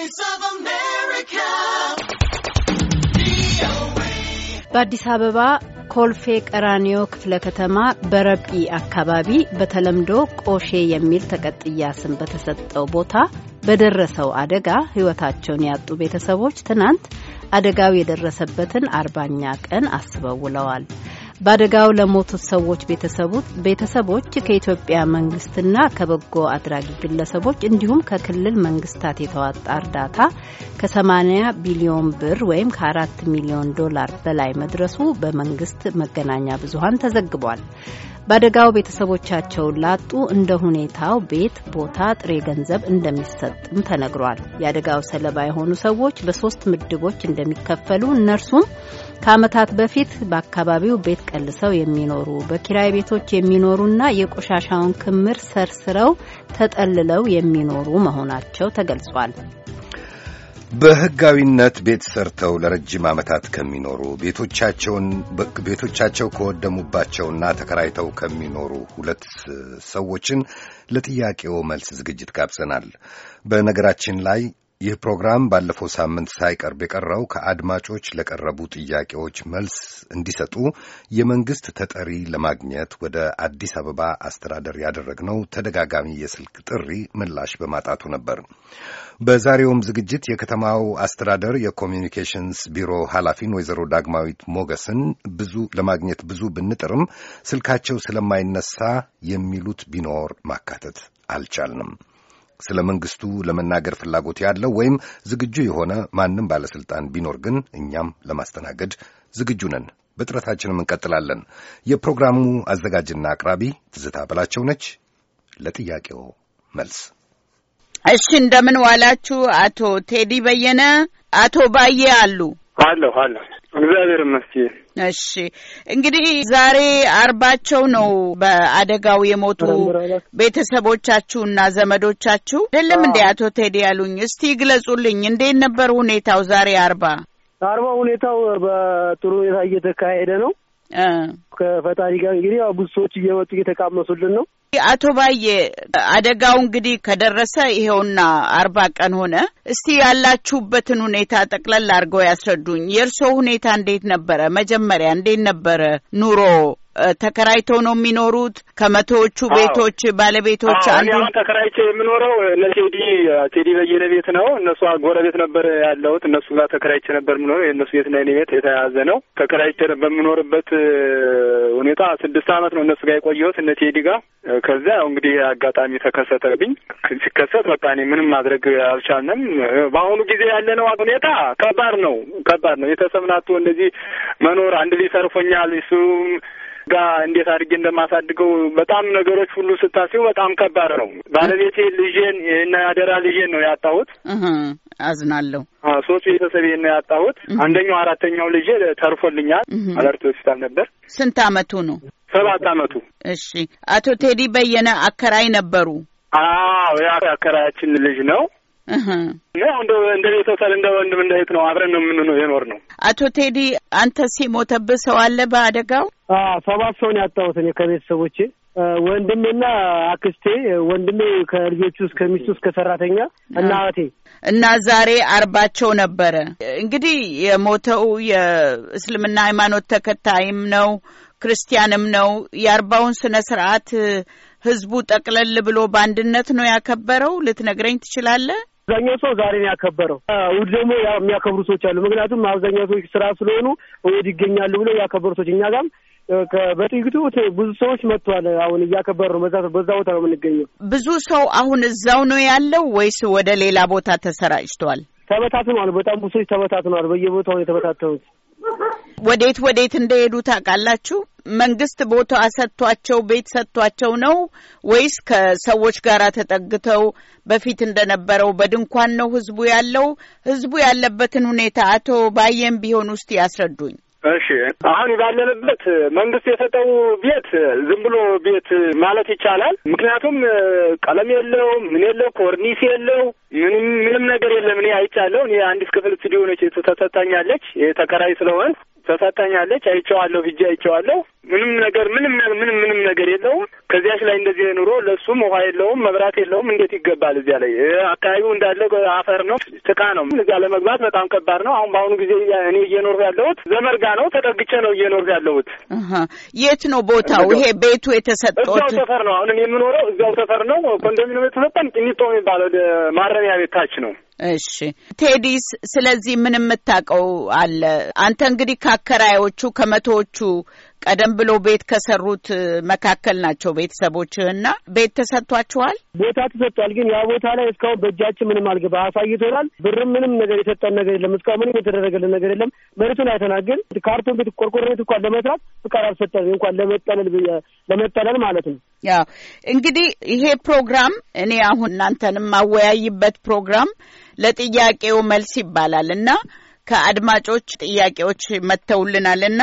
Voice of America. በአዲስ አበባ ኮልፌ ቀራኒዮ ክፍለ ከተማ በረጲ አካባቢ በተለምዶ ቆሼ የሚል ተቀጥያ ስም በተሰጠው ቦታ በደረሰው አደጋ ሕይወታቸውን ያጡ ቤተሰቦች ትናንት አደጋው የደረሰበትን አርባኛ ቀን አስበውለዋል። በአደጋው ለሞቱት ሰዎች ቤተሰቦች ከኢትዮጵያ መንግስትና ከበጎ አድራጊ ግለሰቦች እንዲሁም ከክልል መንግስታት የተዋጣ እርዳታ ከ80 ቢሊዮን ብር ወይም ከ4 ሚሊዮን ዶላር በላይ መድረሱ በመንግስት መገናኛ ብዙሀን ተዘግቧል። በአደጋው ቤተሰቦቻቸውን ላጡ እንደ ሁኔታው ቤት፣ ቦታ፣ ጥሬ ገንዘብ እንደሚሰጥም ተነግሯል። የአደጋው ሰለባ የሆኑ ሰዎች በሶስት ምድቦች እንደሚከፈሉ እነርሱም ከዓመታት በፊት በአካባቢው ቤት ቀልሰው የሚኖሩ በኪራይ ቤቶች የሚኖሩና የቆሻሻውን ክምር ሰርስረው ተጠልለው የሚኖሩ መሆናቸው ተገልጿል። በሕጋዊነት ቤት ሰርተው ለረጅም ዓመታት ከሚኖሩ ቤቶቻቸውን ቤቶቻቸው ከወደሙባቸውና ተከራይተው ከሚኖሩ ሁለት ሰዎችን ለጥያቄው መልስ ዝግጅት ጋብዘናል። በነገራችን ላይ ይህ ፕሮግራም ባለፈው ሳምንት ሳይቀርብ የቀረው ከአድማጮች ለቀረቡ ጥያቄዎች መልስ እንዲሰጡ የመንግስት ተጠሪ ለማግኘት ወደ አዲስ አበባ አስተዳደር ያደረግነው ተደጋጋሚ የስልክ ጥሪ ምላሽ በማጣቱ ነበር። በዛሬውም ዝግጅት የከተማው አስተዳደር የኮሚኒኬሽንስ ቢሮ ኃላፊን ወይዘሮ ዳግማዊት ሞገስን ብዙ ለማግኘት ብዙ ብንጥርም ስልካቸው ስለማይነሳ የሚሉት ቢኖር ማካተት አልቻልንም። ስለ መንግስቱ ለመናገር ፍላጎት ያለው ወይም ዝግጁ የሆነ ማንም ባለስልጣን ቢኖር ግን እኛም ለማስተናገድ ዝግጁ ነን። በጥረታችንም እንቀጥላለን። የፕሮግራሙ አዘጋጅና አቅራቢ ትዝታ በላቸው ነች። ለጥያቄው መልስ እሺ፣ እንደምን ዋላችሁ አቶ ቴዲ በየነ፣ አቶ ባዬ አሉ። አለሁ አለሁ። እግዚአብሔር ይመስገን። እሺ እንግዲህ ዛሬ አርባቸው ነው። በአደጋው የሞቱ እና ዘመዶቻችሁ አይደለም እንዴ? አቶ ቴዲ ያሉኝ እስቲ ግለጹልኝ። እንዴት ነበር ሁኔታው ዛሬ አርባ አርባ ሁኔታው በጥሩ ሁኔታ እየተካሄደ ነው። ከፈጣሪ ጋር እንግዲህ ያው ብዙ ሰዎች እየመጡ እየተቃመሱልን ነው። አቶ ባዬ አደጋው እንግዲህ ከደረሰ ይሄውና አርባ ቀን ሆነ። እስቲ ያላችሁበትን ሁኔታ ጠቅለል አድርገው ያስረዱኝ። የእርስዎ ሁኔታ እንዴት ነበረ? መጀመሪያ እንዴት ነበረ ኑሮ ተከራይተው ነው የሚኖሩት? ከመቶዎቹ ቤቶች ባለቤቶች አንዱ ተከራይቼ የምኖረው ለቴዲ ቴዲ በየነ ቤት ነው። እነሱ ጎረቤት ነበር ያለሁት። እነሱ ጋር ተከራይቼ ነበር የምኖረው። የእነሱ ቤትና የእኔ ቤት የተያያዘ ነው። ተከራይቼ በምኖርበት ሁኔታ ስድስት አመት ነው እነሱ ጋር የቆየሁት እነ ቴዲ ጋር። ከዚያ ያው እንግዲህ አጋጣሚ ተከሰተብኝ። ሲከሰት በቃ እኔ ምንም ማድረግ አልቻልንም። በአሁኑ ጊዜ ያለነው ሁኔታ ከባድ ነው፣ ከባድ ነው። ቤተሰብ ናቱ እንደዚህ መኖር አንድ ሊሰርፎኛል እሱም ጋር እንዴት አድርጌ እንደማሳድገው በጣም ነገሮች ሁሉ ስታስቡ በጣም ከባድ ነው። ባለቤቴ ልጄን እና አደራ ልጄን ነው ያጣሁት። አዝናለሁ። ሶስት ቤተሰቤ ነው ያጣሁት። አንደኛው አራተኛው ልጄ ተርፎልኛል። አለርት ሆስፒታል ነበር። ስንት አመቱ ነው? ሰባት አመቱ። እሺ። አቶ ቴዲ በየነ አከራይ ነበሩ። አዎ፣ ያ አከራያችን ልጅ ነው። ያው እንደው እንደ ቤተሰብ እንደ ወንድም እንደ እህት ነው አብረን ነው የምንኖር የኖር ነው። አቶ ቴዲ አንተ ሲሞተብህ ሰው አለ በአደጋው? ሰባት ሰውን ያጣሁት እኔ ከቤተሰቦቼ ወንድሜና አክስቴ ወንድሜ ከልጆቹ እስከ ሚስቱ እስከ ሰራተኛ እና እህቴ እና ዛሬ አርባቸው ነበረ። እንግዲህ የሞተው የእስልምና ሃይማኖት ተከታይም ነው ክርስቲያንም ነው። የአርባውን ስነ ስርዓት ህዝቡ ጠቅለል ብሎ በአንድነት ነው ያከበረው። ልትነግረኝ ትችላለህ? አብዛኛው ሰው ዛሬን ያከበረው ውድ ደግሞ የሚያከብሩ ሰዎች አሉ። ምክንያቱም አብዛኛው ሰዎች ስራ ስለሆኑ እሑድ ይገኛሉ ብለው ያከበሩ ሰዎች እኛ ጋም በጥቂቱ ብዙ ሰዎች መጥተዋል። አሁን እያከበር ነው። በዛ ቦታ ነው የምንገኘው። ብዙ ሰው አሁን እዛው ነው ያለው ወይስ ወደ ሌላ ቦታ ተሰራጭቷል? ተበታትኗል። በጣም ብዙ ሰዎች ተበታትኗል። በየቦታው የተበታተኑት ወዴት ወዴት እንደሄዱ ታውቃላችሁ? መንግስት ቦታ ሰጥቷቸው ቤት ሰጥቷቸው ነው ወይስ ከሰዎች ጋር ተጠግተው በፊት እንደነበረው በድንኳን ነው ህዝቡ ያለው? ህዝቡ ያለበትን ሁኔታ አቶ ባየም ቢሆን ውስጥ ያስረዱኝ። እሺ አሁን ባለንበት መንግስት የሰጠው ቤት ዝም ብሎ ቤት ማለት ይቻላል። ምክንያቱም ቀለም የለው ምን የለው ኮርኒስ የለው ምንም ነገር የለም። እኔ አይቻለሁ። እኔ አንዲት ክፍል ስቱዲዮ ነች ተሰጥታኛለች። ተከራይ ስለሆን ተፈታኛለች። አይቼዋለሁ ብዬ አይቼዋለሁ። ምንም ነገር ምንም ምንም ምንም ነገር የለውም። ከዚያች ላይ እንደዚህ ኑሮ ለሱም ውሃ የለውም፣ መብራት የለውም። እንዴት ይገባል? እዚያ ላይ አካባቢው እንዳለ አፈር ነው፣ ጭቃ ነው። እዚያ ለመግባት በጣም ከባድ ነው። አሁን በአሁኑ ጊዜ እኔ እየኖር ያለሁት ዘመርጋ ነው፣ ተጠግቼ ነው እየኖር ያለሁት። የት ነው ቦታው? ይሄ ቤቱ የተሰጠው እዛው ሰፈር ነው። አሁን የምኖረው እዛው ሰፈር ነው። ኮንዶሚኒየም የተሰጠን ቅሊንጦ የሚባለው ማረሚያ ቤታች ነው። እሺ ቴዲስ፣ ስለዚህ ምን የምታውቀው አለ? አንተ እንግዲህ ከአከራዮቹ ከመቶዎቹ ቀደም ብሎ ቤት ከሰሩት መካከል ናቸው ቤተሰቦችህና፣ ቤት ተሰጥቷችኋል? ቦታ ተሰጥቷል፣ ግን ያ ቦታ ላይ እስካሁን በእጃችን ምንም አልገባ። አሳይቶናል፣ ብርም ምንም ነገር የሰጠን ነገር የለም። እስካሁን ምንም የተደረገልን ነገር የለም። መሬቱን አይተናል፣ ግን ካርቶን ቤት ቆርቆሮ ቤት እንኳን ለመስራት ፍቃድ አልሰጠን እንኳን ለመጠለል ለመጠለል ማለት ነው። ያው እንግዲህ ይሄ ፕሮግራም እኔ አሁን እናንተንም ማወያይበት ፕሮግራም ለጥያቄው መልስ ይባላል እና ከአድማጮች ጥያቄዎች መጥተውልናል እና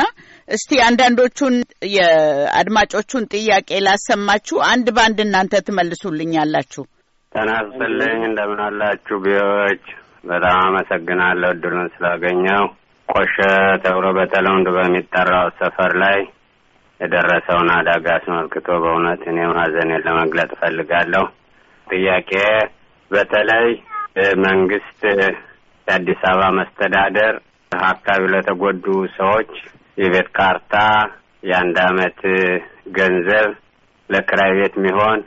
እስቲ አንዳንዶቹን የአድማጮቹን ጥያቄ ላሰማችሁ። አንድ በአንድ እናንተ ትመልሱልኛላችሁ። ተናስልኝ እንደምን አላችሁ ቢዎች? በጣም አመሰግናለሁ እድሉን ስላገኘው። ቆሸ ተብሎ በተለምዶ በሚጠራው ሰፈር ላይ የደረሰውን አደጋ አስመልክቶ በእውነት እኔም ሐዘኔን ለመግለጥ እፈልጋለሁ። ጥያቄ በተለይ መንግስት የአዲስ አበባ መስተዳደር አካባቢ ለተጎዱ ሰዎች የቤት ካርታ፣ የአንድ አመት ገንዘብ፣ ለክራይ ቤት የሚሆን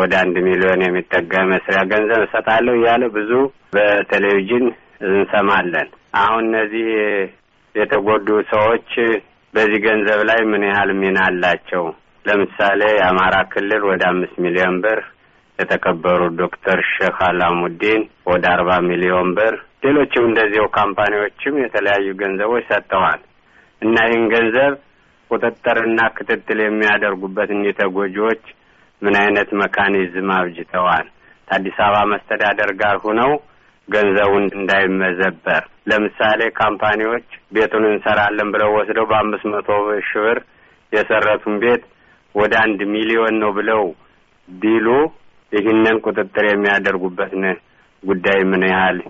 ወደ አንድ ሚሊዮን የሚጠጋ መስሪያ ገንዘብ እሰጣለሁ እያለ ብዙ በቴሌቪዥን እንሰማለን። አሁን እነዚህ የተጎዱ ሰዎች በዚህ ገንዘብ ላይ ምን ያህል ሚና አላቸው? ለምሳሌ የአማራ ክልል ወደ አምስት ሚሊዮን ብር የተከበሩ ዶክተር ሼክ አላሙዲን ወደ አርባ ሚሊዮን ብር ሌሎችም እንደዚሁ ካምፓኒዎችም የተለያዩ ገንዘቦች ሰጥተዋል እና ይህን ገንዘብ ቁጥጥርና ክትትል የሚያደርጉበት እኒህ ተጎጂዎች ምን አይነት መካኒዝም አብጅተዋል? ከአዲስ አበባ መስተዳደር ጋር ሁነው ገንዘቡን እንዳይመዘበር ለምሳሌ ካምፓኒዎች ቤቱን እንሰራለን ብለው ወስደው በአምስት መቶ ሺህ ብር የሰረቱን ቤት ወደ አንድ ሚሊዮን ነው ብለው ቢሉ ይህንን ቁጥጥር የሚያደርጉበትን ጉዳይ ምን ያህል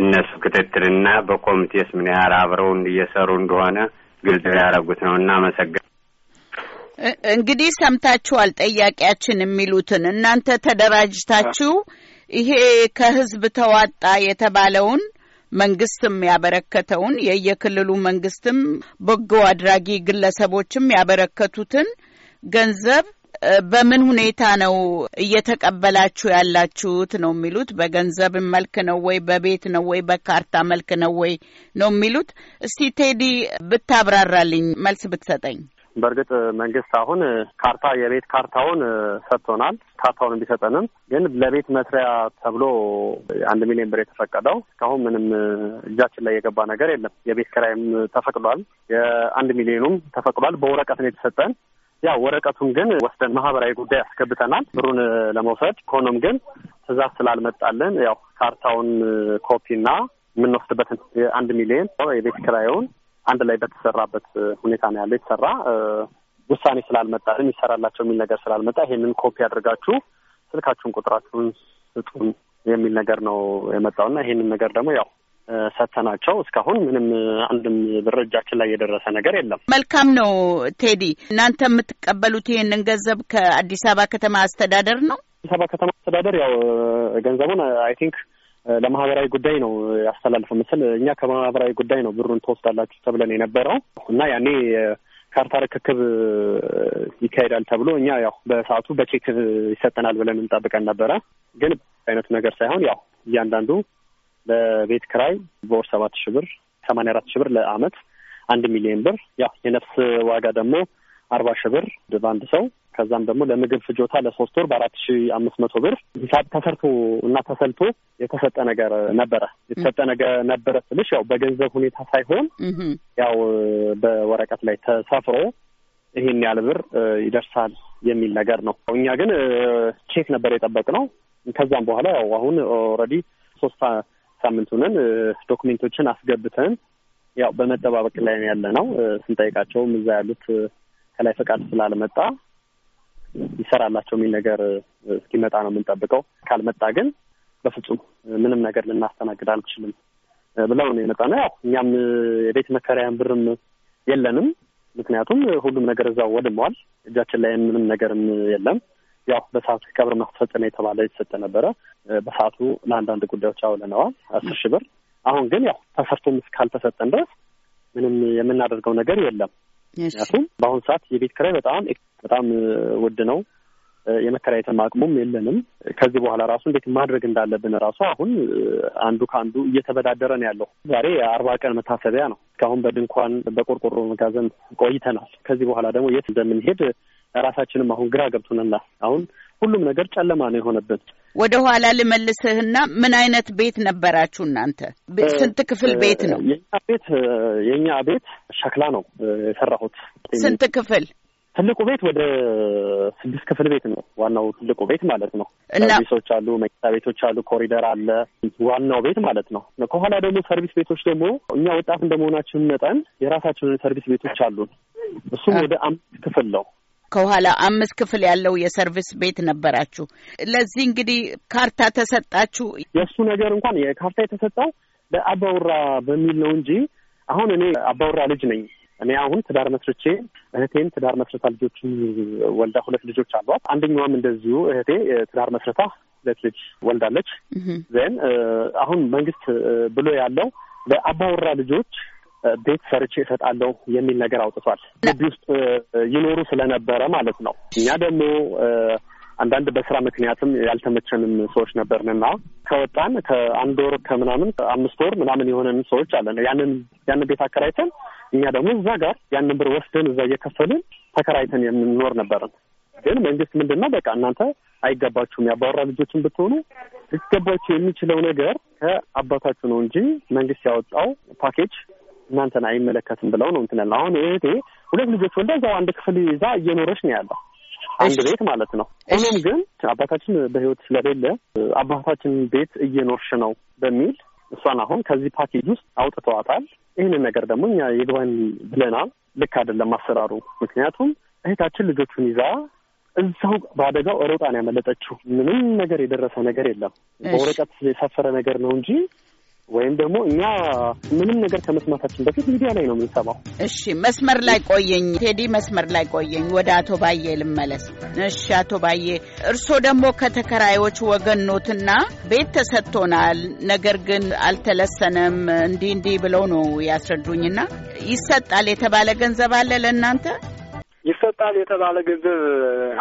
እነሱ ክትትልና በኮሚቴስ ምን ያህል አብረው እየሰሩ እንደሆነ ግልጽ ያደረጉት ነው። እናመሰግን። እንግዲህ ሰምታችኋል ጠያቂያችን የሚሉትን እናንተ ተደራጅታችሁ ይሄ ከህዝብ ተዋጣ የተባለውን መንግስትም ያበረከተውን የየክልሉ መንግስትም በጎ አድራጊ ግለሰቦችም ያበረከቱትን ገንዘብ በምን ሁኔታ ነው እየተቀበላችሁ ያላችሁት ነው የሚሉት። በገንዘብ መልክ ነው ወይ በቤት ነው ወይ በካርታ መልክ ነው ወይ ነው የሚሉት። እስቲ ቴዲ ብታብራራልኝ፣ መልስ ብትሰጠኝ። በእርግጥ መንግስት አሁን ካርታ የቤት ካርታውን ሰጥቶናል። ካርታውን ቢሰጠንም ግን ለቤት መስሪያ ተብሎ አንድ ሚሊዮን ብር የተፈቀደው እስካሁን ምንም እጃችን ላይ የገባ ነገር የለም። የቤት ኪራይም ተፈቅዷል፣ የአንድ ሚሊዮኑም ተፈቅዷል። በወረቀት ነው የተሰጠን። ያው ወረቀቱን ግን ወስደን ማህበራዊ ጉዳይ አስገብተናል። ብሩን ለመውሰድ ሆኖም ግን ትእዛዝ ስላልመጣልን ያው ካርታውን ኮፒና የምንወስድበትን የአንድ ሚሊዮን የቤት ኪራዩን አንድ ላይ በተሰራበት ሁኔታ ነው ያለው የተሰራ ውሳኔ ስላልመጣልን ይሰራላቸው የሚል ነገር ስላልመጣ ይሄንን ኮፒ አድርጋችሁ ስልካችሁን ቁጥራችሁን ስጡን የሚል ነገር ነው የመጣውና ይሄንን ነገር ደግሞ ያው ሰተናቸው እስካሁን ምንም አንድም ብር እጃችን ላይ የደረሰ ነገር የለም። መልካም ነው ቴዲ። እናንተ የምትቀበሉት ይህንን ገንዘብ ከአዲስ አበባ ከተማ አስተዳደር ነው? አዲስ አበባ ከተማ አስተዳደር ያው ገንዘቡን አይ ቲንክ ለማህበራዊ ጉዳይ ነው ያስተላልፈ ምስል እኛ ከማህበራዊ ጉዳይ ነው ብሩን ትወስዳላችሁ ተብለን የነበረው እና ያኔ ካርታ ርክክብ ይካሄዳል ተብሎ እኛ ያው በሰዓቱ በቼክ ይሰጠናል ብለን እንጠብቀን ነበረ። ግን አይነቱ ነገር ሳይሆን ያው እያንዳንዱ በቤት ክራይ በወር ሰባት ሺ ብር፣ ሰማንያ አራት ሺ ብር ለአመት አንድ ሚሊዮን ብር። ያ የነፍስ ዋጋ ደግሞ አርባ ሺ ብር በአንድ ሰው። ከዛም ደግሞ ለምግብ ፍጆታ ለሶስት ወር በአራት ሺ አምስት መቶ ብር ሂሳብ ተሰርቶ እና ተሰልቶ የተሰጠ ነገር ነበረ። የተሰጠ ነገር ነበረ ስልሽ ያው በገንዘብ ሁኔታ ሳይሆን ያው በወረቀት ላይ ተሰፍሮ ይሄን ያህል ብር ይደርሳል የሚል ነገር ነው። እኛ ግን ቼክ ነበር የጠበቅነው። ከዛም በኋላ ያው አሁን ኦልሬዲ ሶስት ሳምንት ሆነን ዶክሜንቶችን አስገብተን ያው በመጠባበቅ ላይ ያለ ነው። ስንጠይቃቸውም እዛ ያሉት ከላይ ፈቃድ ስላልመጣ ይሰራላቸው የሚል ነገር እስኪመጣ ነው የምንጠብቀው። ካልመጣ ግን በፍጹም ምንም ነገር ልናስተናግድ አልችልም ብለው ነው የመጣ ነው። ያው እኛም የቤት መከራያን ብርም የለንም። ምክንያቱም ሁሉም ነገር እዛው ወድመዋል። እጃችን ላይ ምንም ነገርም የለም። ያው በሰዓቱ የቀብር ማስፈጸሚያ የተባለ የተሰጠ ነበረ። በሰዓቱ ለአንዳንድ ጉዳዮች አውለነዋል አስር ሺህ ብር። አሁን ግን ያው ተሰርቶም እስካልተሰጠን ድረስ ምንም የምናደርገው ነገር የለም። ምክንያቱም በአሁኑ ሰዓት የቤት ክራይ በጣም በጣም ውድ ነው። የመከራየትም አቅሙም የለንም። ከዚህ በኋላ ራሱ እንዴት ማድረግ እንዳለብን ራሱ አሁን አንዱ ከአንዱ እየተበዳደረ ነው ያለው። ዛሬ የአርባ ቀን መታሰቢያ ነው። እስካሁን በድንኳን በቆርቆሮ መጋዘን ቆይተናል። ከዚህ በኋላ ደግሞ የት እንደምንሄድ ራሳችንም አሁን ግራ ገብቶናል። አሁን ሁሉም ነገር ጨለማ ነው የሆነበት። ወደ ኋላ ልመልስህና ምን አይነት ቤት ነበራችሁ እናንተ? ስንት ክፍል ቤት ነው? የኛ ቤት የእኛ ቤት ሸክላ ነው የሰራሁት። ስንት ክፍል? ትልቁ ቤት ወደ ስድስት ክፍል ቤት ነው። ዋናው ትልቁ ቤት ማለት ነው። ሰርቪሶች አሉ፣ መኝታ ቤቶች አሉ፣ ኮሪደር አለ። ዋናው ቤት ማለት ነው። ከኋላ ደግሞ ሰርቪስ ቤቶች ደግሞ እኛ ወጣት እንደመሆናችን መጠን የራሳችንን ሰርቪስ ቤቶች አሉን። እሱም ወደ አምስት ክፍል ነው። ከኋላ አምስት ክፍል ያለው የሰርቪስ ቤት ነበራችሁ። ለዚህ እንግዲህ ካርታ ተሰጣችሁ። የእሱ ነገር እንኳን የካርታ የተሰጠው ለአባውራ በሚል ነው እንጂ አሁን እኔ አባውራ ልጅ ነኝ። እኔ አሁን ትዳር መስርቼ እህቴን ትዳር መስረታ ልጆች ወልዳ ሁለት ልጆች አሏት። አንደኛዋም እንደዚሁ እህቴ ትዳር መስረታ ሁለት ልጅ ወልዳለች። ዘን አሁን መንግስት ብሎ ያለው ለአባወራ ልጆች ቤት ሰርቼ እሰጣለሁ የሚል ነገር አውጥቷል። ግቢ ውስጥ ይኖሩ ስለነበረ ማለት ነው። እኛ ደግሞ አንዳንድ በስራ ምክንያትም ያልተመቸንም ሰዎች ነበርንና ከወጣን ከአንድ ወር ከምናምን አምስት ወር ምናምን የሆነን ሰዎች አለን። ያንን ያንን ቤት አከራይተን እኛ ደግሞ እዛ ጋር ያንን ብር ወስደን እዛ እየከፈልን ተከራይተን የምንኖር ነበርን። ግን መንግስት ምንድን ነው በቃ እናንተ አይገባችሁም፣ የአባወራ ልጆችን ብትሆኑ ሊገባችሁ የሚችለው ነገር ከአባታችሁ ነው እንጂ መንግስት ያወጣው ፓኬጅ እናንተን አይመለከትም ብለው ነው እንትን አሁን እህቴ ሁለት ልጆች ወልዳ እዛው አንድ ክፍል ይዛ እየኖረች ነው ያለው አንድ ቤት ማለት ነው። እኔም ግን አባታችን በህይወት ስለሌለ አባታችን ቤት እየኖርሽ ነው በሚል እሷን አሁን ከዚህ ፓኬጅ ውስጥ አውጥተዋታል። ይህንን ነገር ደግሞ እኛ የግባኝ ብለናል። ልክ አይደለም አሰራሩ። ምክንያቱም እህታችን ልጆቹን ይዛ እዛው በአደጋው ሮጣን ያመለጠችው። ምንም ነገር የደረሰ ነገር የለም። በወረቀት የሰፈረ ነገር ነው እንጂ ወይም ደግሞ እኛ ምንም ነገር ከመስማታችን በፊት ሚዲያ ላይ ነው የምንሰማው። እሺ መስመር ላይ ቆየኝ ቴዲ፣ መስመር ላይ ቆየኝ። ወደ አቶ ባዬ ልመለስ። እሺ አቶ ባዬ፣ እርስዎ ደግሞ ከተከራዮች ወገን ኖትና ቤት ተሰጥቶናል፣ ነገር ግን አልተለሰነም እንዲህ እንዲህ ብለው ነው ያስረዱኝና ይሰጣል የተባለ ገንዘብ አለ ለእናንተ? ይሰጣል የተባለ ገንዘብ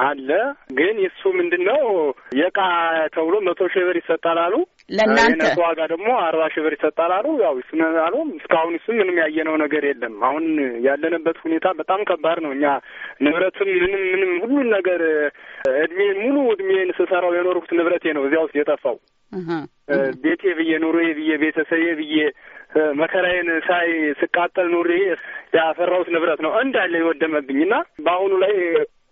አለ። ግን እሱ ምንድን ነው የእቃ ተብሎ መቶ ሺህ ብር ይሰጣል አሉ። ለእናንተ ዋጋ ደግሞ አርባ ሺህ ብር ይሰጣል አሉ። ያው አሉ እስካሁን እሱ ምንም ያየነው ነገር የለም። አሁን ያለንበት ሁኔታ በጣም ከባድ ነው። እኛ ንብረትም ምንም ምንም ሁሉን ነገር እድሜ ሙሉ እድሜን ስሰራው የኖርኩት ንብረቴ ነው እዚያ ውስጥ የጠፋው ቤቴ ብዬ ኑሮዬ ብዬ ቤተሰቤ ብዬ መከራዬን ሳይ ስቃጠል ኑሬ ያፈራሁት ንብረት ነው እንዳለ የወደመብኝ እና በአሁኑ ላይ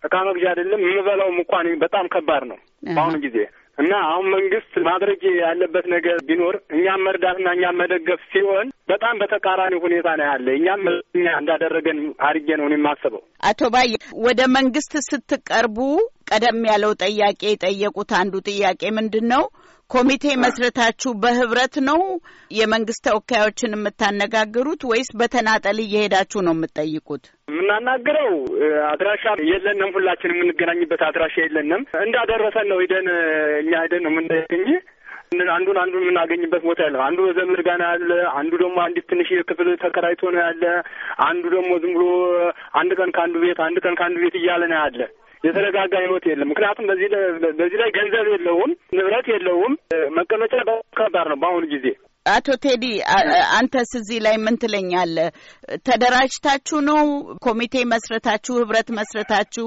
እቃ መግዣ አይደለም የምበላውም እንኳን በጣም ከባድ ነው በአሁኑ ጊዜ እና አሁን መንግስት ማድረግ ያለበት ነገር ቢኖር እኛም መርዳትና እኛም መደገፍ ሲሆን በጣም በተቃራኒ ሁኔታ ነው ያለ። እኛም እኛ እንዳደረገን አድርጌ ነው የማስበው። አቶ ባይ ወደ መንግስት ስትቀርቡ ቀደም ያለው ጥያቄ የጠየቁት አንዱ ጥያቄ ምንድን ነው? ኮሚቴ መስረታችሁ በህብረት ነው የመንግስት ተወካዮችን የምታነጋግሩት ወይስ በተናጠል እየሄዳችሁ ነው የምትጠይቁት? የምናናግረው አድራሻ የለንም። ሁላችን የምንገናኝበት አድራሻ የለንም። እንዳደረሰን ነው ሂደን እኛ ሂደን ነው የምናገኝ አንዱን አንዱን የምናገኝበት ቦታ ያለ አንዱ በዘመድ ጋር ነው ያለ። አንዱ ደግሞ አንዲት ትንሽ ክፍል ተከራይቶ ነው ያለ። አንዱ ደግሞ ዝም ብሎ አንድ ቀን ከአንዱ ቤት አንድ ቀን ከአንዱ ቤት እያለ ነው ያለ። የተረጋጋ ህይወት የለም። ምክንያቱም በዚህ ላይ ገንዘብ የለውም፣ ንብረት የለውም። መቀመጫ ከባድ ነው በአሁኑ ጊዜ። አቶ ቴዲ አንተስ እዚህ ላይ ምን ትለኛለህ? ተደራጅታችሁ ነው ኮሚቴ መስረታችሁ፣ ህብረት መስረታችሁ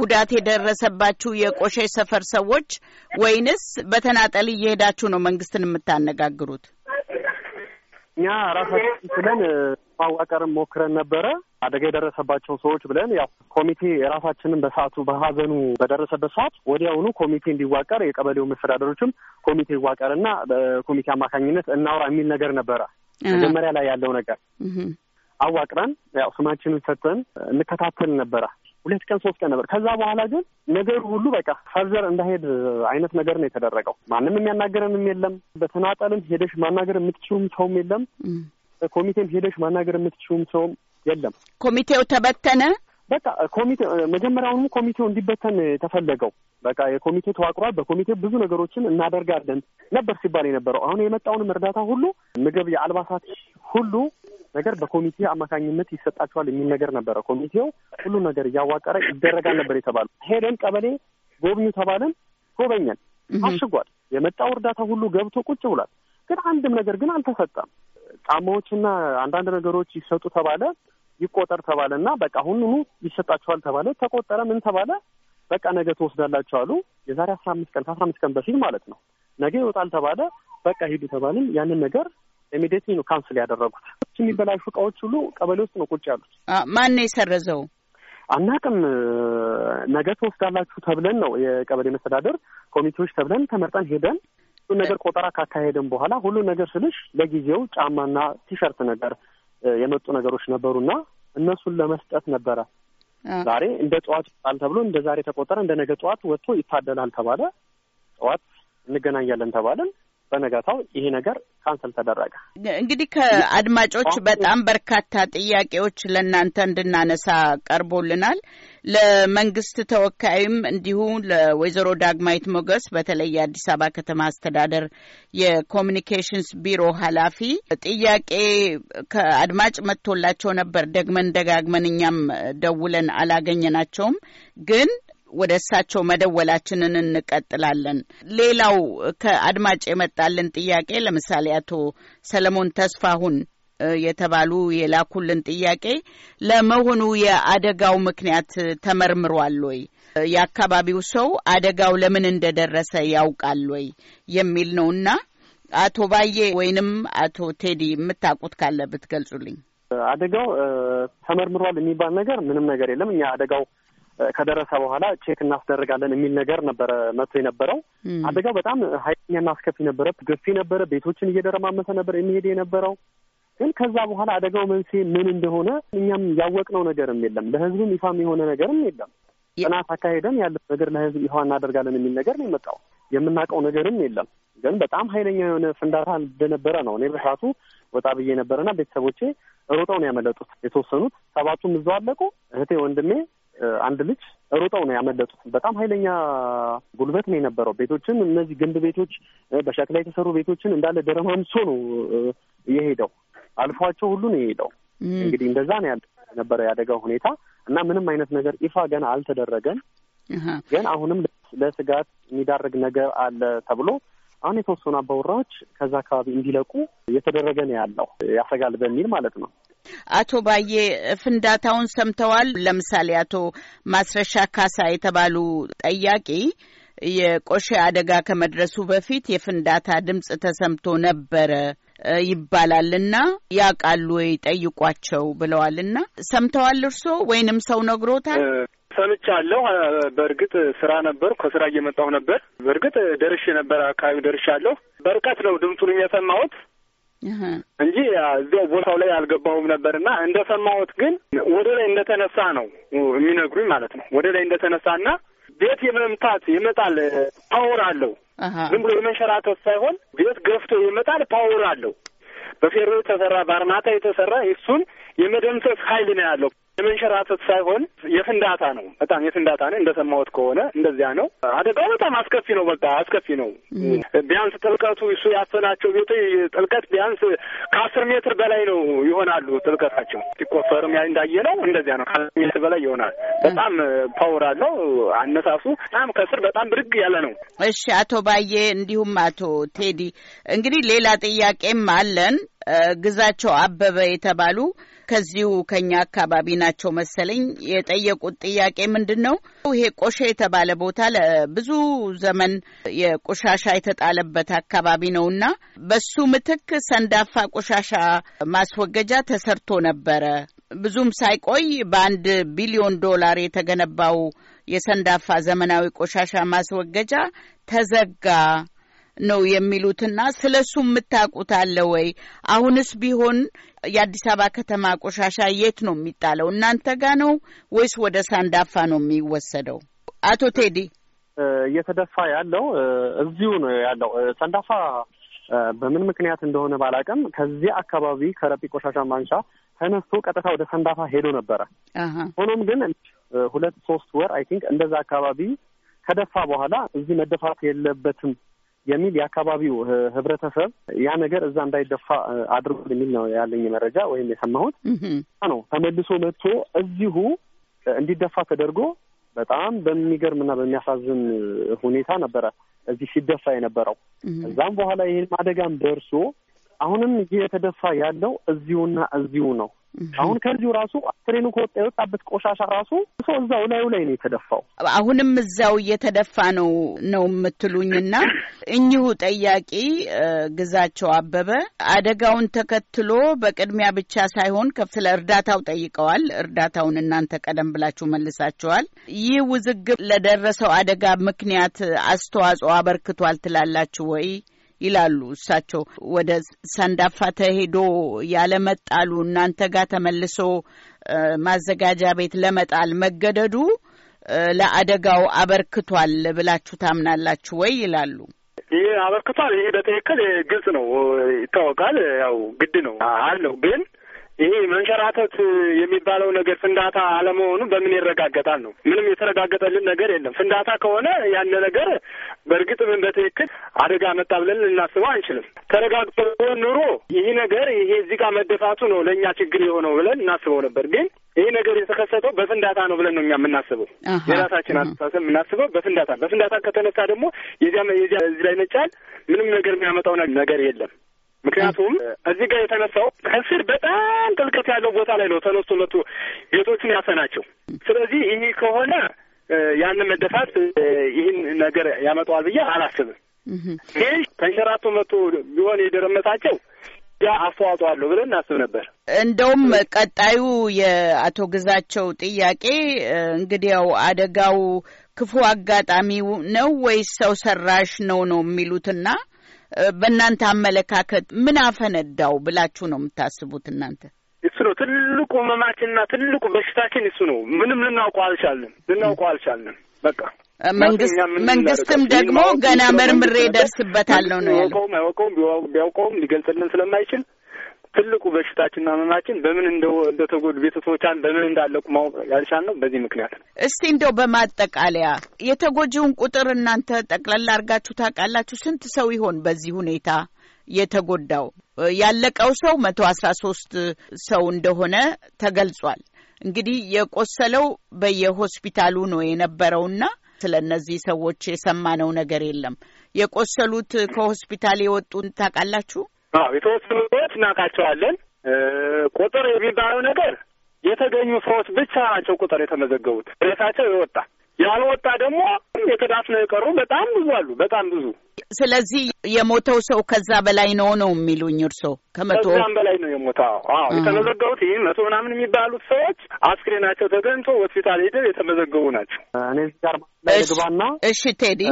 ጉዳት የደረሰባችሁ የቆሸሽ ሰፈር ሰዎች ወይንስ በተናጠል እየሄዳችሁ ነው መንግስትን የምታነጋግሩት? እኛ ራሳችን ስለን ማዋቀርም ሞክረን ነበረ። አደጋ የደረሰባቸው ሰዎች ብለን ያው ኮሚቴ ራሳችንን በሰዓቱ በሀዘኑ በደረሰበት ሰዓት ወዲያውኑ ኮሚቴ እንዲዋቀር የቀበሌው መስተዳደሮችም ኮሚቴ ይዋቀርና በኮሚቴ አማካኝነት እናውራ የሚል ነገር ነበረ። መጀመሪያ ላይ ያለው ነገር አዋቅረን ያው ስማችንን ሰጥተን እንከታተል ነበረ። ሁለት ቀን ሶስት ቀን ነበር። ከዛ በኋላ ግን ነገሩ ሁሉ በቃ ፈርዘር እንዳሄድ አይነት ነገር ነው የተደረገው። ማንም የሚያናገረንም የለም። በተናጠልም ሄደሽ ማናገር የምትችውም ሰውም የለም። በኮሚቴም ሄደሽ ማናገር የምትችሉም ሰውም የለም። ኮሚቴው ተበተነ። በቃ ኮሚቴ መጀመሪያውኑ ኮሚቴው እንዲበተን የተፈለገው በቃ የኮሚቴ ተዋቅሯል። በኮሚቴ ብዙ ነገሮችን እናደርጋለን ነበር ሲባል የነበረው አሁን የመጣውንም እርዳታ ሁሉ ምግብ፣ የአልባሳት ሁሉ ነገር በኮሚቴ አማካኝነት ይሰጣቸዋል የሚል ነገር ነበረ። ኮሚቴው ሁሉ ነገር እያዋቀረ ይደረጋል ነበር የተባሉ። ሄደን ቀበሌ ጎብኙ ተባለን፣ ጎበኘን፣ አሽጓል። የመጣው እርዳታ ሁሉ ገብቶ ቁጭ ብሏል። ግን አንድም ነገር ግን አልተሰጠም። ጫማዎችና አንዳንድ ነገሮች ይሰጡ ተባለ፣ ይቆጠር ተባለ እና በቃ ሁኑኑ ይሰጣቸዋል ተባለ፣ ተቆጠረ። ምን ተባለ? በቃ ነገ ትወስዳላችሁ አሉ። የዛሬ አስራ አምስት ቀን ከአስራ አምስት ቀን በፊት ማለት ነው። ነገ ይወጣል ተባለ። በቃ ሂዱ ተባልን። ያንን ነገር ኢሚዲየትሊ ነው ካንስል ያደረጉት። የሚበላሹ እቃዎች ሁሉ ቀበሌ ውስጥ ነው ቁጭ ያሉት። ማን ነው የሰረዘው? አናቅም። ነገ ትወስዳላችሁ ተብለን ነው የቀበሌ መስተዳደር ኮሚቴዎች ተብለን ተመርጠን ሄደን ሁሉ ነገር ቆጠራ ካካሄደን በኋላ ሁሉ ነገር ስልሽ ለጊዜው ጫማና ቲሸርት ነገር የመጡ ነገሮች ነበሩና እነሱን ለመስጠት ነበረ ዛሬ እንደ ጠዋት ይወጣል ተብሎ እንደ ዛሬ ተቆጠረ። እንደ ነገ ጠዋት ወጥቶ ይታደላል ተባለ። ጠዋት እንገናኛለን ተባለን። በነጋታው ይሄ ነገር ካንሰል ተደረገ። እንግዲህ ከአድማጮች በጣም በርካታ ጥያቄዎች ለእናንተ እንድናነሳ ቀርቦልናል። ለመንግስት ተወካይም እንዲሁ ለወይዘሮ ዳግማዊት ሞገስ በተለይ የአዲስ አበባ ከተማ አስተዳደር የኮሚኒኬሽንስ ቢሮ ኃላፊ ጥያቄ ከአድማጭ መጥቶላቸው ነበር። ደግመን ደጋግመን እኛም ደውለን አላገኘናቸውም ግን ወደ እሳቸው መደወላችንን እንቀጥላለን። ሌላው ከአድማጭ የመጣልን ጥያቄ ለምሳሌ አቶ ሰለሞን ተስፋሁን የተባሉ የላኩልን ጥያቄ ለመሆኑ የአደጋው ምክንያት ተመርምሯል ወይ? የአካባቢው ሰው አደጋው ለምን እንደደረሰ ያውቃል ወይ የሚል እና አቶ ባዬ ወይንም አቶ ቴዲ የምታውቁት ካለ ብትገልጹልኝ። አደጋው ተመርምሯል የሚባል ነገር ምንም ነገር የለም። እኛ አደጋው ከደረሰ በኋላ ቼክ እናስደርጋለን የሚል ነገር ነበረ መጥቶ የነበረው። አደጋው በጣም ኃይለኛና አስከፊ ነበረ፣ ገፊ ነበረ፣ ቤቶችን እየደረማመሰ ነበር የሚሄድ የነበረው። ግን ከዛ በኋላ አደጋው መንስኤ ምን እንደሆነ እኛም ያወቅነው ነገርም የለም፣ ለህዝብም ይፋም የሆነ ነገርም የለም። ጥናት አካሄደን ያለው ነገር ለህዝብ ይፋ እናደርጋለን የሚል ነገር ነው የመጣው። የምናውቀው ነገርም የለም። ግን በጣም ኃይለኛ የሆነ ፍንዳታ እንደነበረ ነው። እኔ በሰዓቱ ወጣ ብዬ ነበረና ቤተሰቦቼ ሮጠው ነው ያመለጡት የተወሰኑት። ሰባቱም እዛው አለቁ። እህቴ ወንድሜ አንድ ልጅ ሮጠው ነው ያመለጡት። በጣም ኃይለኛ ጉልበት ነው የነበረው። ቤቶችን እነዚህ ግንብ ቤቶች፣ በሸክላ የተሰሩ ቤቶችን እንዳለ ደረማምሶ ነው የሄደው። አልፏቸው ሁሉ ነው የሄደው። እንግዲህ እንደዛ ነው ነበረ ያደጋው ሁኔታ እና ምንም አይነት ነገር ይፋ ገና አልተደረገም። ግን አሁንም ለስጋት የሚዳርግ ነገር አለ ተብሎ አሁን የተወሰኑ አባወራዎች ከዛ አካባቢ እንዲለቁ እየተደረገ ነው ያለው፣ ያሰጋል በሚል ማለት ነው። አቶ ባዬ ፍንዳታውን ሰምተዋል። ለምሳሌ አቶ ማስረሻ ካሳ የተባሉ ጠያቂ የቆሼ አደጋ ከመድረሱ በፊት የፍንዳታ ድምፅ ተሰምቶ ነበረ ይባላልና ያውቃሉ ወይ ጠይቋቸው ብለዋልና ሰምተዋል እርስዎ ወይንም ሰው ነግሮታል? ሰምቻለሁ። በእርግጥ ስራ ነበር፣ ከስራ እየመጣሁ ነበር። በእርግጥ ደርሼ ነበር፣ አካባቢ ደርሻለሁ። በርቀት ነው ድምፁን የሰማሁት እንጂ እዚያ ቦታው ላይ አልገባሁም ነበር እና እንደሰማሁት ግን ወደ ላይ እንደተነሳ ነው የሚነግሩኝ ማለት ነው። ወደ ላይ እንደተነሳና ቤት የመምታት ይመጣል፣ ፓወር አለው። ዝም ብሎ የመንሸራተት ሳይሆን ቤት ገፍቶ ይመጣል፣ ፓወር አለው። በፌሮ የተሰራ በአርማታ የተሰራ እሱን የመደምሰስ ኃይል ነው ያለው። የመንሸራተት ሳይሆን የፍንዳታ ነው። በጣም የፍንዳታ ነው። እንደሰማሁት ከሆነ እንደዚያ ነው። አደጋው በጣም አስከፊ ነው። በቃ አስከፊ ነው። ቢያንስ ጥልቀቱ እሱ ያፈናቸው ቤቶች ጥልቀት ቢያንስ ከአስር ሜትር በላይ ነው ይሆናሉ። ጥልቀታቸው ሲቆፈርም ያ ነው እንደዚያ ነው። ከአስር ሜትር በላይ ይሆናል። በጣም ፓወር አለው። አነሳሱ በጣም ከስር በጣም ብርግ ያለ ነው። እሺ አቶ ባዬ እንዲሁም አቶ ቴዲ እንግዲህ ሌላ ጥያቄም አለን። ግዛቸው አበበ የተባሉ ከዚሁ ከኛ አካባቢ ናቸው መሰለኝ። የጠየቁት ጥያቄ ምንድን ነው? ይሄ ቆሼ የተባለ ቦታ ለብዙ ዘመን የቆሻሻ የተጣለበት አካባቢ ነው እና በሱ ምትክ ሰንዳፋ ቆሻሻ ማስወገጃ ተሰርቶ ነበረ። ብዙም ሳይቆይ በአንድ ቢሊዮን ዶላር የተገነባው የሰንዳፋ ዘመናዊ ቆሻሻ ማስወገጃ ተዘጋ። ነው የሚሉትና ስለ እሱ የምታውቁት አለ ወይ? አሁንስ ቢሆን የአዲስ አበባ ከተማ ቆሻሻ የት ነው የሚጣለው? እናንተ ጋ ነው ወይስ ወደ ሳንዳፋ ነው የሚወሰደው? አቶ ቴዲ እየተደፋ ያለው እዚሁ ነው ያለው ሳንዳፋ በምን ምክንያት እንደሆነ ባላውቅም ከዚህ አካባቢ ከረጲ ቆሻሻ ማንሻ ተነስቶ ቀጥታ ወደ ሰንዳፋ ሄዶ ነበረ። ሆኖም ግን ሁለት ሶስት ወር አይ ቲንክ እንደዛ አካባቢ ከደፋ በኋላ እዚህ መደፋት የለበትም የሚል የአካባቢው ህብረተሰብ ያ ነገር እዛ እንዳይደፋ አድርጓል የሚል ነው ያለኝ መረጃ ወይም የሰማሁት ነው። ተመልሶ መጥቶ እዚሁ እንዲደፋ ተደርጎ በጣም በሚገርምና በሚያሳዝን ሁኔታ ነበረ እዚህ ሲደፋ የነበረው። ከዛም በኋላ ይህን አደጋም ደርሶ አሁንም እየተደፋ ያለው እዚሁና እዚሁ ነው። አሁን ከዚሁ ራሱ አስክሬኑ ከወጣ የወጣበት ቆሻሻ ራሱ ሰው እዛው ላዩ ላይ ነው የተደፋው። አሁንም እዛው እየተደፋ ነው ነው የምትሉኝና እኚሁ ጠያቂ ግዛቸው አበበ አደጋውን ተከትሎ በቅድሚያ ብቻ ሳይሆን ስለ እርዳታው ጠይቀዋል። እርዳታውን እናንተ ቀደም ብላችሁ መልሳችኋል። ይህ ውዝግብ ለደረሰው አደጋ ምክንያት አስተዋጽኦ አበርክቷል ትላላችሁ ወይ? ይላሉ እሳቸው። ወደ ሰንዳፋ ተሄዶ ያለመጣሉ እናንተ ጋር ተመልሶ ማዘጋጃ ቤት ለመጣል መገደዱ ለአደጋው አበርክቷል ብላችሁ ታምናላችሁ ወይ ይላሉ። ይህ አበርክቷል። ይህ በትክክል ግልጽ ነው፣ ይታወቃል። ያው ግድ ነው አለው ግን ይሄ መንሸራተት የሚባለው ነገር ፍንዳታ አለመሆኑ በምን ይረጋገጣል ነው? ምንም የተረጋገጠልን ነገር የለም። ፍንዳታ ከሆነ ያን ነገር በእርግጥ ምን በትክክል አደጋ መጣ ብለን ልናስበው አንችልም። ተረጋግጦ ኑሮ ይህ ነገር ይሄ እዚህ ጋር መደፋቱ ነው ለእኛ ችግር የሆነው ብለን እናስበው ነበር ግን ይህ ነገር የተከሰተው በፍንዳታ ነው ብለን ነው እኛ የምናስበው። የራሳችን አስተሳሰብ የምናስበው በፍንዳታ በፍንዳታ ከተነሳ ደግሞ የዚያ የዚያ እዚህ ላይ መጫል ምንም ነገር የሚያመጣው ነገር የለም። ምክንያቱም እዚህ ጋር የተነሳው ከስር በጣም ጥልቀት ያለው ቦታ ላይ ነው ተነስቶ ሁለቱ ቤቶቹን ያሰናቸው። ስለዚህ ይህ ከሆነ ያንን መደፋት ይህን ነገር ያመጣዋል ብዬ አላስብም። ግን ተንሸራቶ መቶ ቢሆን የደረመታቸው ያ አስተዋጽኦ አለው ብለን እናስብ ነበር። እንደውም ቀጣዩ የአቶ ግዛቸው ጥያቄ እንግዲያው አደጋው ክፉ አጋጣሚ ነው ወይስ ሰው ሰራሽ ነው ነው የሚሉትና በእናንተ አመለካከት ምን አፈነዳው ብላችሁ ነው የምታስቡት እናንተ? እሱ ነው ትልቁ መማችንና ትልቁ በሽታችን እሱ ነው። ምንም ልናውቀው አልቻልንም፣ ልናውቀው አልቻልንም። በቃ መንግስትም ደግሞ ገና መርምሬ ደርስበታለሁ ነው ያለው። ቢያውቀውም ቢያውቀውም ሊገልጽልን ስለማይችል ትልቁ በሽታችንና ህመማችን በምን እንደተጎዱ ቤተሰቦቻን በምን እንዳለቁ ማወቅ ነው። በዚህ ምክንያት ነው። እስቲ እንደው በማጠቃለያ የተጎጂውን ቁጥር እናንተ ጠቅላላ አርጋችሁ ታውቃላችሁ? ስንት ሰው ይሆን በዚህ ሁኔታ የተጎዳው? ያለቀው ሰው መቶ አስራ ሶስት ሰው እንደሆነ ተገልጿል። እንግዲህ የቆሰለው በየሆስፒታሉ ነው የነበረውና ስለ እነዚህ ሰዎች የሰማነው ነገር የለም። የቆሰሉት ከሆስፒታል የወጡን ታውቃላችሁ? አዎ የተወሰኑ ሰዎች እናውቃቸዋለን። ቁጥር የሚባለው ነገር የተገኙ ሰዎች ብቻ ናቸው። ቁጥር የተመዘገቡት ሬሳቸው የወጣ ያልወጣ ደግሞ ነው የቀሩ በጣም ብዙ አሉ። በጣም ብዙ። ስለዚህ የሞተው ሰው ከዛ በላይ ነው ነው የሚሉኝ እርሶ? ከመቶ ከዛም በላይ ነው የሞተው። አዎ የተመዘገቡት ይህ መቶ ምናምን የሚባሉት ሰዎች አስክሬናቸው ተገኝቶ ሆስፒታል ሄደው የተመዘገቡ ናቸው። እኔ ጋር ላይ ግባና፣ እሺ ቴዲ፣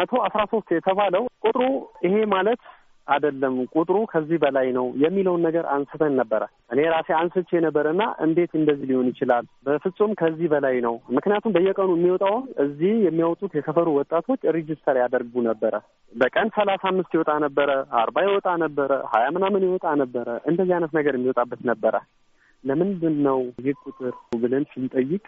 መቶ አስራ ሶስት የተባለው ቁጥሩ ይሄ ማለት አይደለም ቁጥሩ ከዚህ በላይ ነው የሚለውን ነገር አንስተን ነበረ። እኔ ራሴ አንስቼ ነበረና እንዴት እንደዚህ ሊሆን ይችላል? በፍጹም ከዚህ በላይ ነው። ምክንያቱም በየቀኑ የሚወጣውን እዚህ የሚያወጡት የሰፈሩ ወጣቶች ሪጅስተር ያደርጉ ነበረ። በቀን ሰላሳ አምስት ይወጣ ነበረ፣ አርባ ይወጣ ነበረ፣ ሀያ ምናምን ይወጣ ነበረ። እንደዚህ አይነት ነገር የሚወጣበት ነበረ። ለምንድን ነው ይህ ቁጥር ብለን ስንጠይቅ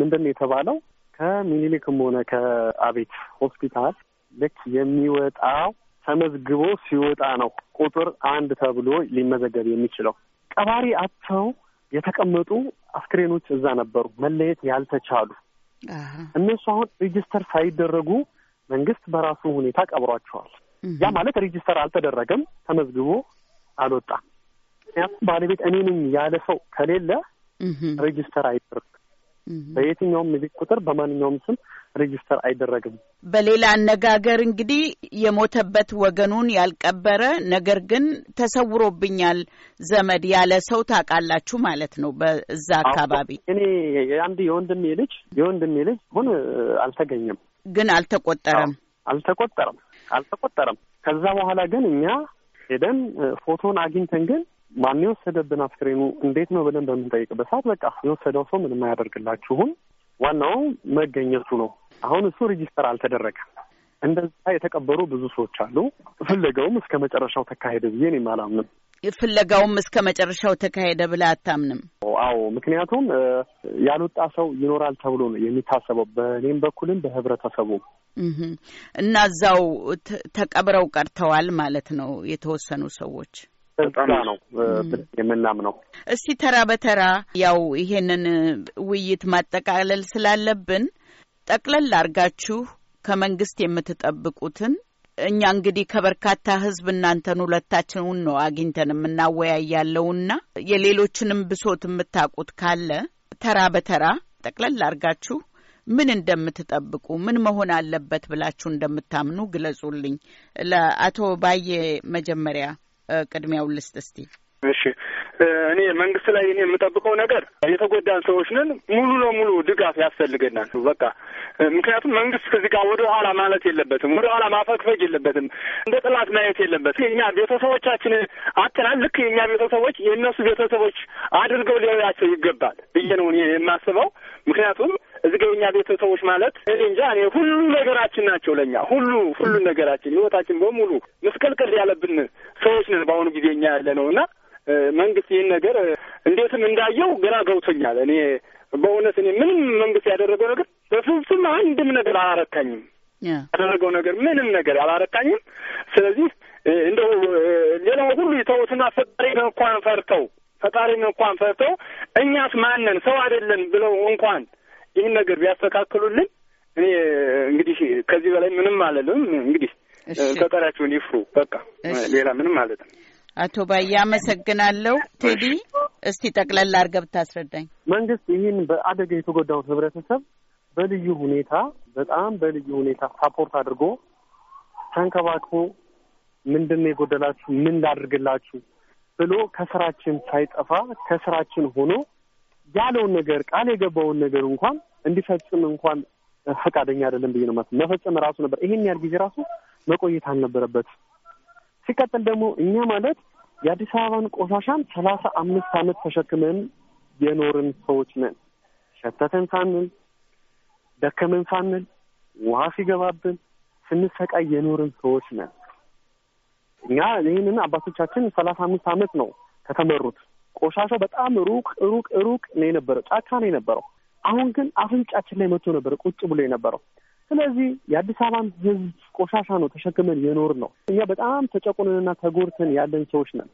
ምንድን ነው የተባለው? ከሚኒሊክም ሆነ ከአቤት ሆስፒታል ልክ የሚወጣው ተመዝግቦ ሲወጣ ነው ቁጥር አንድ ተብሎ ሊመዘገብ የሚችለው። ቀባሪ አጥተው የተቀመጡ አስክሬኖች እዛ ነበሩ፣ መለየት ያልተቻሉ እነሱ አሁን ሬጅስተር ሳይደረጉ መንግስት በራሱ ሁኔታ ቀብሯቸዋል። ያ ማለት ሬጅስተር አልተደረገም፣ ተመዝግቦ አልወጣም። ምክንያቱም ባለቤት እኔ ነኝ ያለ ሰው ከሌለ ሬጅስተር አይደረግ Mm-hmm. በየትኛውም ሚሊክ ቁጥር በማንኛውም ስም ሬጂስተር አይደረግም። በሌላ አነጋገር እንግዲህ የሞተበት ወገኑን ያልቀበረ ነገር ግን ተሰውሮብኛል ዘመድ ያለ ሰው ታውቃላችሁ ማለት ነው። በዛ አካባቢ እኔ አንድ የወንድሜ ልጅ የወንድሜ ልጅ ሁን አልተገኘም፣ ግን አልተቆጠረም አልተቆጠረም አልተቆጠረም። ከዛ በኋላ ግን እኛ ሄደን ፎቶን አግኝተን ግን ማን የወሰደብን አስክሬኑ እንዴት ነው ብለን በምንጠይቅበት ሰዓት በቃ የወሰደው ሰው ምንም አያደርግላችሁም፣ ዋናው መገኘቱ ነው። አሁን እሱ ሬጂስተር አልተደረገም። እንደዛ የተቀበሩ ብዙ ሰዎች አሉ። ፍለጋውም እስከ መጨረሻው ተካሄደ ብዬ እኔም አላምንም። ፍለጋውም እስከ መጨረሻው ተካሄደ ብለህ አታምንም? አዎ፣ ምክንያቱም ያልወጣ ሰው ይኖራል ተብሎ ነው የሚታሰበው። በእኔም በኩልም በህብረተሰቡ እና እዛው ተቀብረው ቀርተዋል ማለት ነው የተወሰኑ ሰዎች ስልጠና ነው የምናምነው። እስቲ ተራ በተራ ያው ይሄንን ውይይት ማጠቃለል ስላለብን ጠቅለል አድርጋችሁ ከመንግስት የምትጠብቁትን እኛ እንግዲህ ከበርካታ ህዝብ እናንተን ሁለታችንን ነው አግኝተን የምናወያያለውና የሌሎችንም ብሶት የምታውቁት ካለ ተራ በተራ ጠቅለል አድርጋችሁ ምን እንደምትጠብቁ ምን መሆን አለበት ብላችሁ እንደምታምኑ ግለጹልኝ። ለአቶ ባዬ መጀመሪያ ቅድሚያውን ልስጥ እስቲ። እሺ እኔ መንግስት ላይ እኔ የምጠብቀው ነገር የተጎዳን ሰዎች ነን፣ ሙሉ ለሙሉ ድጋፍ ያስፈልገናል። በቃ ምክንያቱም መንግስት ከዚህ ጋር ወደ ኋላ ማለት የለበትም፣ ወደ ኋላ ማፈግፈግ የለበትም፣ እንደ ጥላት ማየት የለበትም። እኛ ቤተሰቦቻችን አተናል ልክ የእኛ ቤተሰቦች የእነሱ ቤተሰቦች አድርገው ሊያያቸው ይገባል ብዬ ነው እኔ የማስበው ምክንያቱም እዚህ ጋር የኛ ቤተሰቦች ማለት እኔ እንጃ እኔ ሁሉ ነገራችን ናቸው ለእኛ ሁሉ ሁሉ ነገራችን ህይወታችን በሙሉ ምስቅልቅል ያለብን ሰዎች ነን በአሁኑ ጊዜ እኛ ያለ ነው እና መንግስት ይህን ነገር እንዴትም እንዳየው ግራ ገብቶኛል። እኔ በእውነት እኔ ምንም መንግስት ያደረገው ነገር በፍጹም አንድም ነገር አላረካኝም። ያደረገው ነገር ምንም ነገር አላረካኝም። ስለዚህ እንደው ሌላው ሁሉ የተውትና ፈጣሪን እንኳን ፈርተው ፈጣሪን እንኳን ፈርተው እኛስ ማነን ሰው አይደለን ብለው እንኳን ይህን ነገር ቢያስተካክሉልን እኔ እንግዲህ ከዚህ በላይ ምንም አለልም። እንግዲህ ፈቃዳቸውን ይፍሩ። በቃ ሌላ ምንም ማለት ነው። አቶ ባዬ አመሰግናለሁ። ቴዲ እስቲ ጠቅለል አድርገህ ብታስረዳኝ። መንግስት ይህን በአደጋ የተጎዳውን ህብረተሰብ በልዩ ሁኔታ በጣም በልዩ ሁኔታ ሳፖርት አድርጎ ተንከባክቦ ምንድን ነው የጎደላችሁ፣ ምን ላድርግላችሁ ብሎ ከስራችን ሳይጠፋ ከስራችን ሆኖ ያለውን ነገር ቃል የገባውን ነገር እንኳን እንዲፈጽም እንኳን ፈቃደኛ አይደለም ብዬ ነው ማለት መፈጸም ራሱ ነበር። ይሄን ያህል ጊዜ ራሱ መቆየት አልነበረበት። ሲቀጥል ደግሞ እኛ ማለት የአዲስ አበባን ቆሻሻን ሰላሳ አምስት ዓመት ተሸክመን የኖርን ሰዎች ነን። ሸተተን ሳንል ደከመን ሳንል ውሃ ሲገባብን ስንሰቃይ የኖርን ሰዎች ነን። እኛ ይህንን አባቶቻችን ሰላሳ አምስት ዓመት ነው ከተመሩት። ቆሻሻው በጣም ሩቅ ሩቅ ሩቅ ነው የነበረው፣ ጫካ ነው የነበረው። አሁን ግን አፍንጫችን ላይ መጥቶ ነበር ቁጭ ብሎ የነበረው። ስለዚህ የአዲስ አበባን ህዝብ ቆሻሻ ነው ተሸክመን የኖር ነው። እኛ በጣም ተጨቁነንና ተጎድተን ያለን ሰዎች ነን።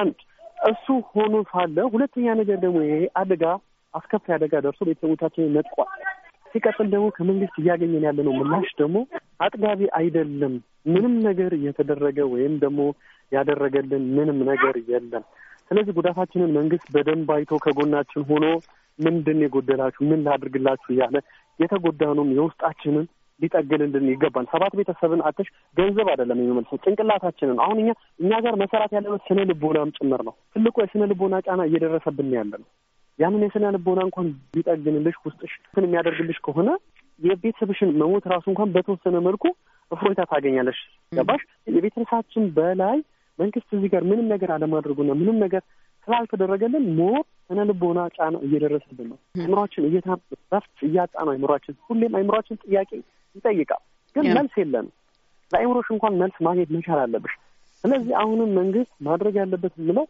አንድ እሱ ሆኖ ሳለ፣ ሁለተኛ ነገር ደግሞ ይሄ አደጋ አስከፊ አደጋ ደርሶ ቤተሰቦቻችንን ነጥቋል። ሲቀጥል ደግሞ ከመንግስት እያገኘን ነው ምላሽ ደግሞ አጥጋቢ አይደለም። ምንም ነገር የተደረገ ወይም ደግሞ ያደረገልን ምንም ነገር የለም። ስለዚህ ጉዳታችንን መንግስት በደንብ አይቶ ከጎናችን ሆኖ ምንድን የጎደላችሁ ምን ላድርግላችሁ እያለ የተጎዳኑን የውስጣችንን ሊጠግንልን ይገባል። ሰባት ቤተሰብን አተሽ ገንዘብ አይደለም የሚመልሰው ጭንቅላታችንን። አሁን እኛ እኛ ጋር መሰራት ያለበት ስነ ልቦናም ጭምር ነው። ትልቁ የስነ ልቦና ጫና እየደረሰብን ያለ ነው። ያንን የስነ ልቦና እንኳን ቢጠግንልሽ ውስጥሽ እንትን የሚያደርግልሽ ከሆነ የቤተሰብሽን መሞት ራሱ እንኳን በተወሰነ መልኩ እፎይታ ታገኛለሽ። ገባሽ? የቤተሰባችን በላይ መንግስት እዚህ ጋር ምንም ነገር አለማድረጉና ምንም ነገር ስላልተደረገልን ሞር ስነ ልቦና ጫና እየደረሰብን ነው። አይምሯችን እየታ ረፍት ነው። አይምሯችን ሁሌም አይምሯችን ጥያቄ ይጠይቃል፣ ግን መልስ የለንም። ለአይምሮሽ እንኳን መልስ ማግኘት መቻል አለብሽ። ስለዚህ አሁንም መንግስት ማድረግ ያለበት የምለው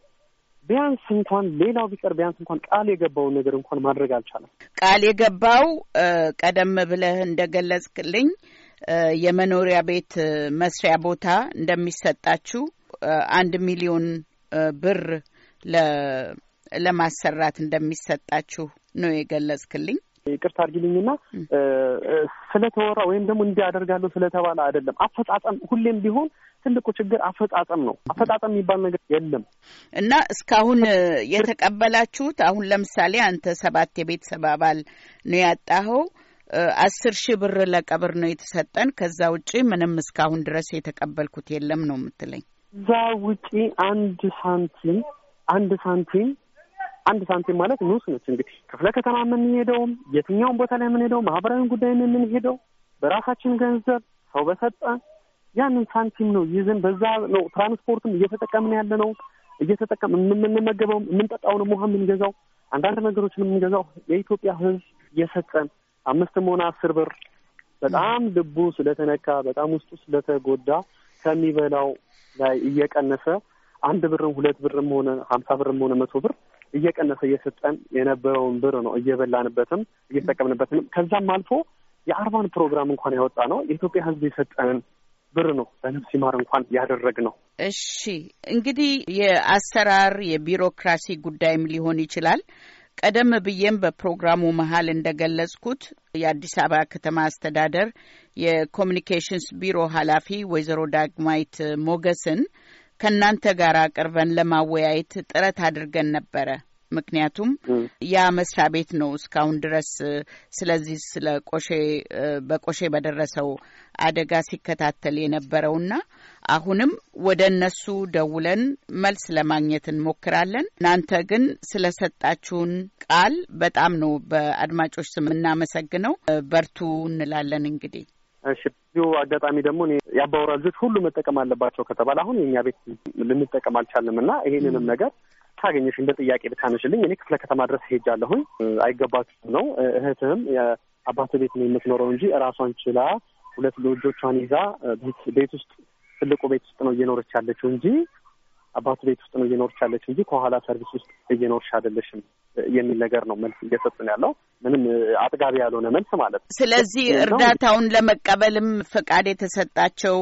ቢያንስ እንኳን ሌላው ቢቀር ቢያንስ እንኳን ቃል የገባውን ነገር እንኳን ማድረግ አልቻለም። ቃል የገባው ቀደም ብለህ እንደገለጽክልኝ የመኖሪያ ቤት መስሪያ ቦታ እንደሚሰጣችሁ አንድ ሚሊዮን ብር ለማሰራት እንደሚሰጣችሁ ነው የገለጽክልኝ። ይቅርታ አድርጊልኝና ስለተወራ ወይም ደግሞ እንዲህ አደርጋለሁ ስለተባለ አይደለም። አፈጻጸም ሁሌም ቢሆን ትልቁ ችግር አፈጻጸም ነው። አፈጻጸም የሚባል ነገር የለም እና እስካሁን የተቀበላችሁት አሁን ለምሳሌ አንተ ሰባት የቤተሰብ አባል ነው ያጣኸው። አስር ሺህ ብር ለቀብር ነው የተሰጠን። ከዛ ውጪ ምንም እስካሁን ድረስ የተቀበልኩት የለም ነው የምትለኝ። እዛ ውጪ አንድ ሳንቲም አንድ ሳንቲም አንድ ሳንቲም ማለት ንስ ነች። እንግዲህ ክፍለ ከተማ የምንሄደውም የትኛውን ቦታ ላይ የምንሄደው ማህበራዊ ጉዳይ የምንሄደው በራሳችን ገንዘብ ሰው በሰጠን ያንን ሳንቲም ነው ይዘን በዛ ነው ትራንስፖርትም እየተጠቀምን ያለ ነው እየተጠቀም የምንመገበውም ነው ውሃ የምንገዛው አንዳንድ ነገሮችን የምንገዛው የኢትዮጵያ ህዝብ እየሰጠን አምስትም ሆነ አስር ብር በጣም ልቡ ስለተነካ በጣም ውስጡ ስለተጎዳ ከሚበላው ላይ እየቀነሰ አንድ ብርም ሁለት ብርም ሆነ ሀምሳ ብርም ሆነ መቶ ብር እየቀነሰ እየሰጠን የነበረውን ብር ነው እየበላንበትም እየተጠቀምንበትም። ከዛም አልፎ የአርባን ፕሮግራም እንኳን ያወጣ ነው የኢትዮጵያ ሕዝብ የሰጠንን ብር ነው ለነፍስ ይማር እንኳን ያደረግ ነው። እሺ እንግዲህ የአሰራር የቢሮክራሲ ጉዳይም ሊሆን ይችላል። ቀደም ብዬም በፕሮግራሙ መሀል እንደገለጽኩት የአዲስ አበባ ከተማ አስተዳደር የኮሚኒኬሽንስ ቢሮ ኃላፊ ወይዘሮ ዳግማይት ሞገስን ከእናንተ ጋር አቅርበን ለማወያየት ጥረት አድርገን ነበረ። ምክንያቱም ያ መስሪያ ቤት ነው እስካሁን ድረስ ስለዚህ ስለ ቆሼ በቆሼ በደረሰው አደጋ ሲከታተል የነበረውና አሁንም ወደ እነሱ ደውለን መልስ ለማግኘት እንሞክራለን። እናንተ ግን ሰጣችሁን ቃል በጣም ነው በአድማጮች ስም እናመሰግነው። በርቱ እንላለን እንግዲህ እሺ አጋጣሚ ደግሞ እኔ የአባወራ ልጆች ሁሉ መጠቀም አለባቸው ከተባለ አሁን የእኛ ቤት ልንጠቀም አልቻልንም እና ይሄንንም ነገር ታገኘሽ እንደ ጥያቄ ብታነሽልኝ እኔ ክፍለ ከተማ ድረስ ሄጃለሁኝ። አይገባችሁም ነው እህትህም የአባት ቤት ነው የምትኖረው እንጂ እራሷን ችላ ሁለት ልጆቿን ይዛ ቤት ውስጥ ትልቁ ቤት ውስጥ ነው እየኖረች ያለችው እንጂ አባቱ ቤት ውስጥ ነው እየኖርሽ ያለች እንጂ ከኋላ ሰርቪስ ውስጥ እየኖርሽ አይደለሽም የሚል ነገር ነው መልስ እየሰጡን ያለው። ምንም አጥጋቢ ያልሆነ መልስ ማለት ነው። ስለዚህ እርዳታውን ለመቀበልም ፈቃድ የተሰጣቸው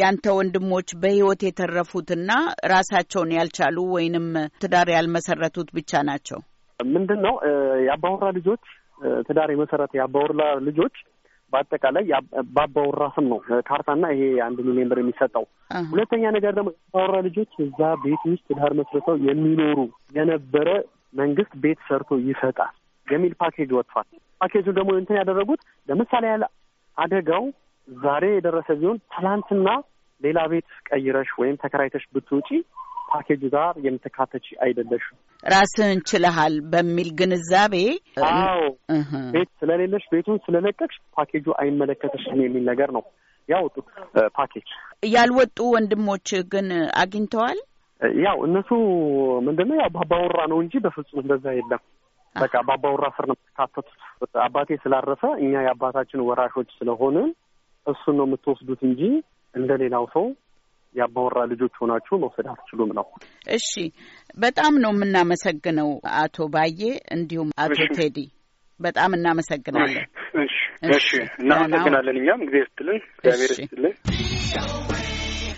ያንተ ወንድሞች በህይወት የተረፉትና ራሳቸውን ያልቻሉ ወይንም ትዳር ያልመሰረቱት ብቻ ናቸው። ምንድን ነው የአባወራ ልጆች ትዳር የመሰረተ የአባወራ ልጆች በአጠቃላይ ባባወራ ስም ነው ካርታና ይሄ አንድ ሚሊዮን የሚሰጠው። ሁለተኛ ነገር ደግሞ ባወራ ልጆች እዛ ቤት ውስጥ ትዳር መስርተው የሚኖሩ የነበረ መንግስት ቤት ሰርቶ ይሰጣል የሚል ፓኬጅ ወጥቷል። ፓኬጁ ደግሞ እንትን ያደረጉት ለምሳሌ ያለ አደጋው ዛሬ የደረሰ ቢሆን ትላንትና ሌላ ቤት ቀይረሽ ወይም ተከራይተሽ ብትውጪ ፓኬጁ ጋር የምትካተች አይደለሽም ራስህን ችለሃል በሚል ግንዛቤ አዎ፣ ቤት ስለሌለሽ ቤቱን ስለለቀቅሽ ፓኬጁ አይመለከተሽም የሚል ነገር ነው ያወጡት ፓኬጅ። ያልወጡ ወንድሞች ግን አግኝተዋል። ያው እነሱ ምንድነው ያው ባባውራ ነው እንጂ በፍጹም እንደዛ የለም። በቃ ባባውራ ስር ነው የምትካተቱት። አባቴ ስላረፈ እኛ የአባታችን ወራሾች ስለሆንን እሱን ነው የምትወስዱት እንጂ እንደ ሌላው ሰው የአባወራ ልጆች ሆናችሁ መውሰድ አትችሉም ነው። እሺ፣ በጣም ነው የምናመሰግነው አቶ ባዬ እንዲሁም አቶ ቴዲ በጣም እናመሰግናለን። እሺ፣ እናመሰግናለን። እኛም ጊዜ ስትልን እግዚአብሔር ስትልን